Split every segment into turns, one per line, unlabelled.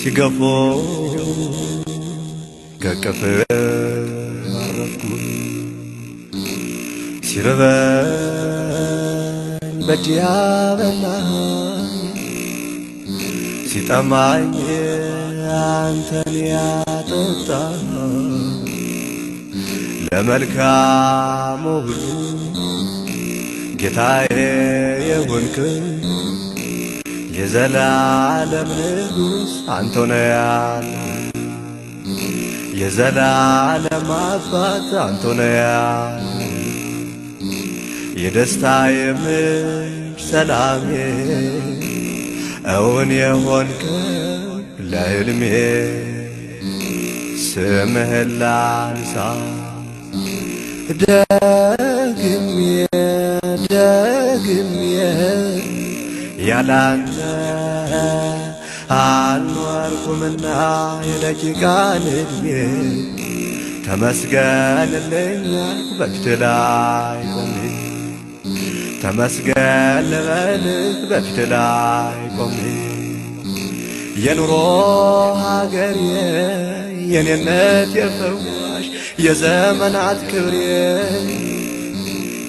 ሲገፎ ከቅፍ አረፍኩ ሲርበኝ በዲያ በላኝ ሲጠማኝ አንተን ያጠጣ ለመልካሙ ሁሉ ጌታዬ የሆንክ የዘላለም ንጉሥ አንተነ የዘላለም አባት አንተነ የደስታ የምር ሰላሜ እውን የሆንክ ለሕልሜ ስምህን ላንሳ ደግሜ ደግሜ ያላንተ አልኖርኩምና የደቂቃን ዕድሜ ተመስገንልኝ በፊት ላይ ቆሜ ተመስገን ልበልህ በፊት ላይ ቆሜ የኑሮ ሀገሬ የኔነት የፈዋሽ የዘመናት ክብሬ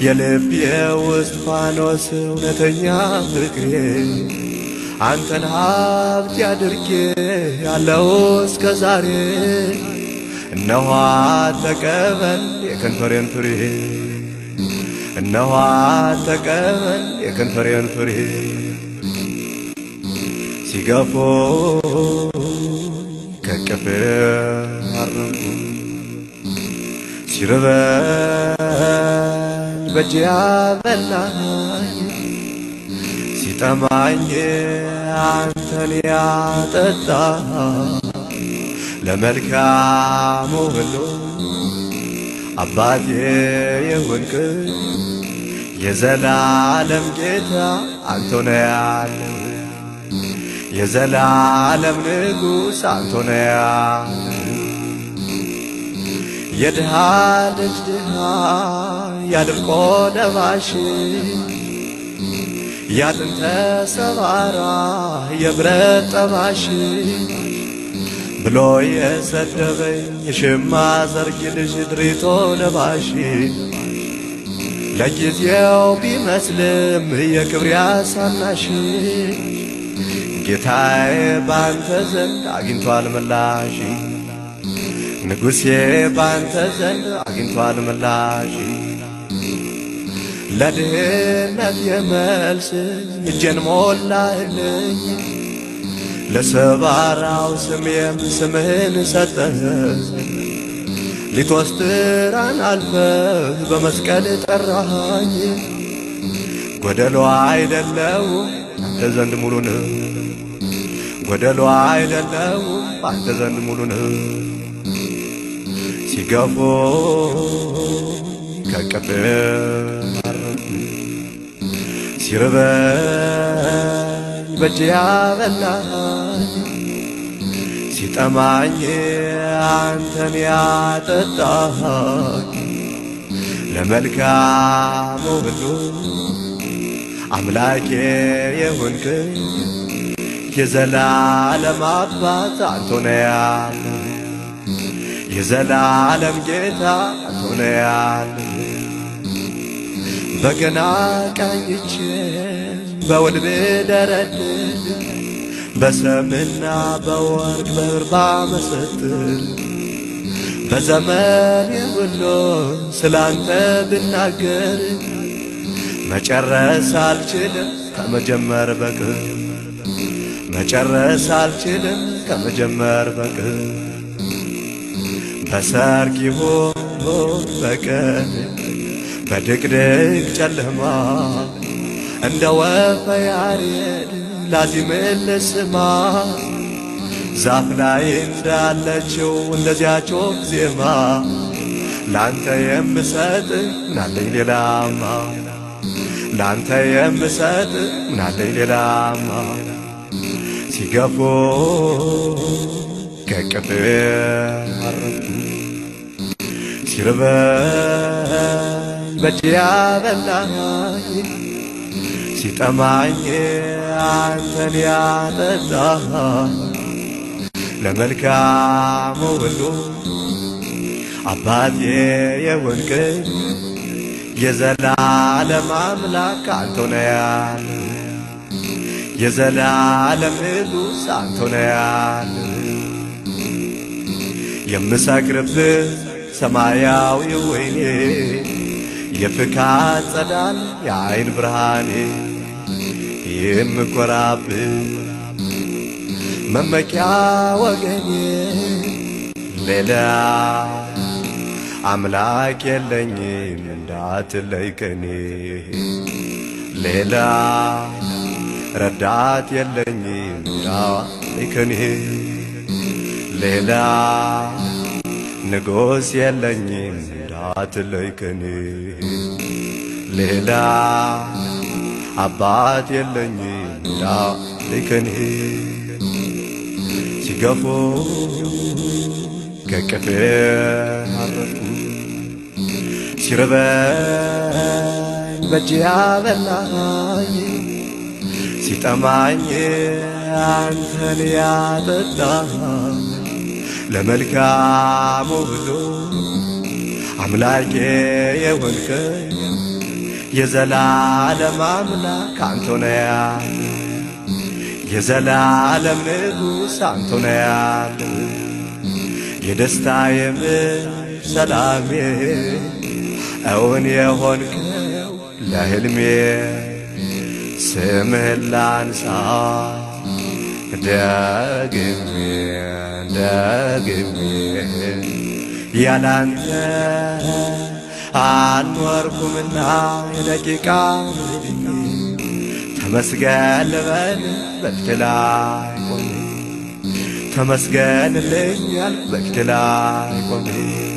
የልቤ ውስጥ ፋኖስ እውነተኛ ፍቅሬ አንተን ሀብት ያድርጌ ያለው እስከ ዛሬ እነኋ ተቀበል የከንፈሬን ፍሬ እነኋ ተቀበል የከንፈሬን ፍሬ ሲገፎ ከቅፍ አረምኩ ሲርበ በእጅ ያበላኝ ሲጠማኝ አንተን ያጠጣ ለመልካሙ ሁሉ አባቴ የሆንክ የዘላለም ጌታ አንተ ነህ ያለው የዘላለም ንጉሥ አንተ ነህ የድሃ ልጅ ድሃ ያድርቆ ለባሽ ያጥንተ ሰባራ የብረት ጠባሽ ብሎ የሰደበኝ የሽማ ዘርግ ልጅ ድሪቶ ለባሽ ለጊዜው ቢመስልም የክብር ያሳናሽ ጌታዬ ባንተ ዘንድ አግኝቷል ምላሽ ንጉሴ ባንተ ዘንድ አግኝቷል ምላሽ ለድህነት የመልስ እጄን ሞላህልኝ ለሰባራው ስሜም ስምህን ሰጠህ ሊትወስትራን አልፈህ በመስቀል ጠራሃኝ ጎደሎ አይደለው አንተ ዘንድ ሙሉ ነው። ጎደሎ አይደለው አንተ ዘንድ ሙሉ ሲገፉ ከቅጥር ሲርበኝ በእጅ ያበላ ሲጠማኝ አንተን ያጠጣ ለመልካሙ ሁሉ አምላኬ የሆንክ የዘላለም አባት አንቶነያ የዘላለም ጌታ ቶለያል በገና ቀኝች በወልብ ደረድ በሰምና በወርቅ በብርባ መሰትር በዘመን ሁሉ ስላንተ ብናገር መጨረስ አልችልም ከመጀመር በቅር መጨረስ አልችልም ከመጀመር በቅር ተሰርጊሁ በቀን በድቅድቅ ጨለማ እንደ ወፈ ያሬድ ላዚምን ዛፍ ላይ እንዳለችው እንደዚያች ወፍ ዜማ ላንተ የምሰጥ ምናለኝ ሌላማ ላንተ የምሰጥ ምናለኝ ሌላማ ሲገፉ ከቅጥ ሲርበኝ በእጅ ያበላኝ ሲጠማኝ አንተን ያጠጣኝ ለመልካሙ ሁሉ አባቴ የወንቅ የዘላለም አምላክ አንተ ነህ ያለ የዘላለም ንጉሥ አንተ ነህ ያለ የምሰክርብህ ሰማያዊው ወይኔ የፍካት ጸዳል የአይን ብርሃኔ የምኮራብ መመኪያ ወገኔ ሌላ አምላክ የለኝም እንዳትለይ ከኔ ሌላ ረዳት የለኝም እንዳትለይ ከኔ ሌላ ንጉሥ የለኝም እንዳትለይ ከኔ ሌላ አባት የለኝም እንዳትለይ ከኔ ሲገፉ ከቅፌ አረፍኩ ሲርበኝ በእጅ ያበላኝ ሲጠማኝ አንተን ያጠጣ ለመልካም ብዙ አምላኬ የወልከ የዘላለም አምላክ አንቶነያል የዘላለም ንጉሥ አንቶነያል የደስታዬም ሰላሜ እውን የሆንከው ለሕልሜ ስምህን ላንሳ ደግሜ ደግሜ ያላንተ አኖርኩምና የደቂቃ ተመስገን ልበል በፊት ላይ ቆሜ ተመስገንልኛል በፊት ላይ ቆሜ